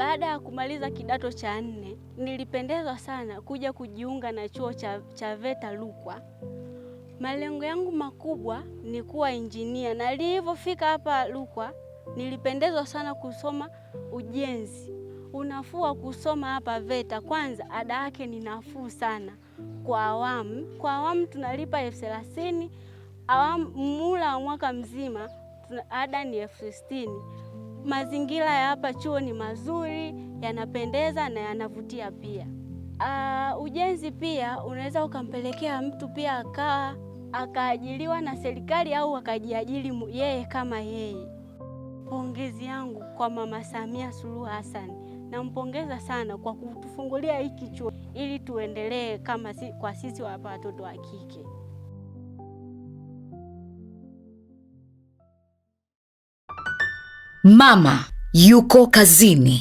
Baada ya kumaliza kidato cha nne, nilipendezwa sana kuja kujiunga na chuo cha, cha VETA Rukwa. Malengo yangu makubwa ni kuwa injinia, na nilivyofika hapa Rukwa nilipendezwa sana kusoma ujenzi. Unafuu wa kusoma hapa VETA, kwanza ada yake ni nafuu sana kwa awamu. Kwa awamu tunalipa elfu thelathini awamu, mula wa mwaka mzima ada ni elfu sitini. Mazingira ya hapa chuo ni mazuri, yanapendeza na yanavutia pia. Uh, ujenzi pia unaweza ukampelekea mtu pia akaa akaajiliwa na serikali au akajiajiri yeye kama yeye. Pongezi yangu kwa Mama Samia Suluhu Hassan, nampongeza sana kwa kutufungulia hiki chuo ili tuendelee kama si, kwa sisi wapa watoto wa kike. Mama yuko kazini.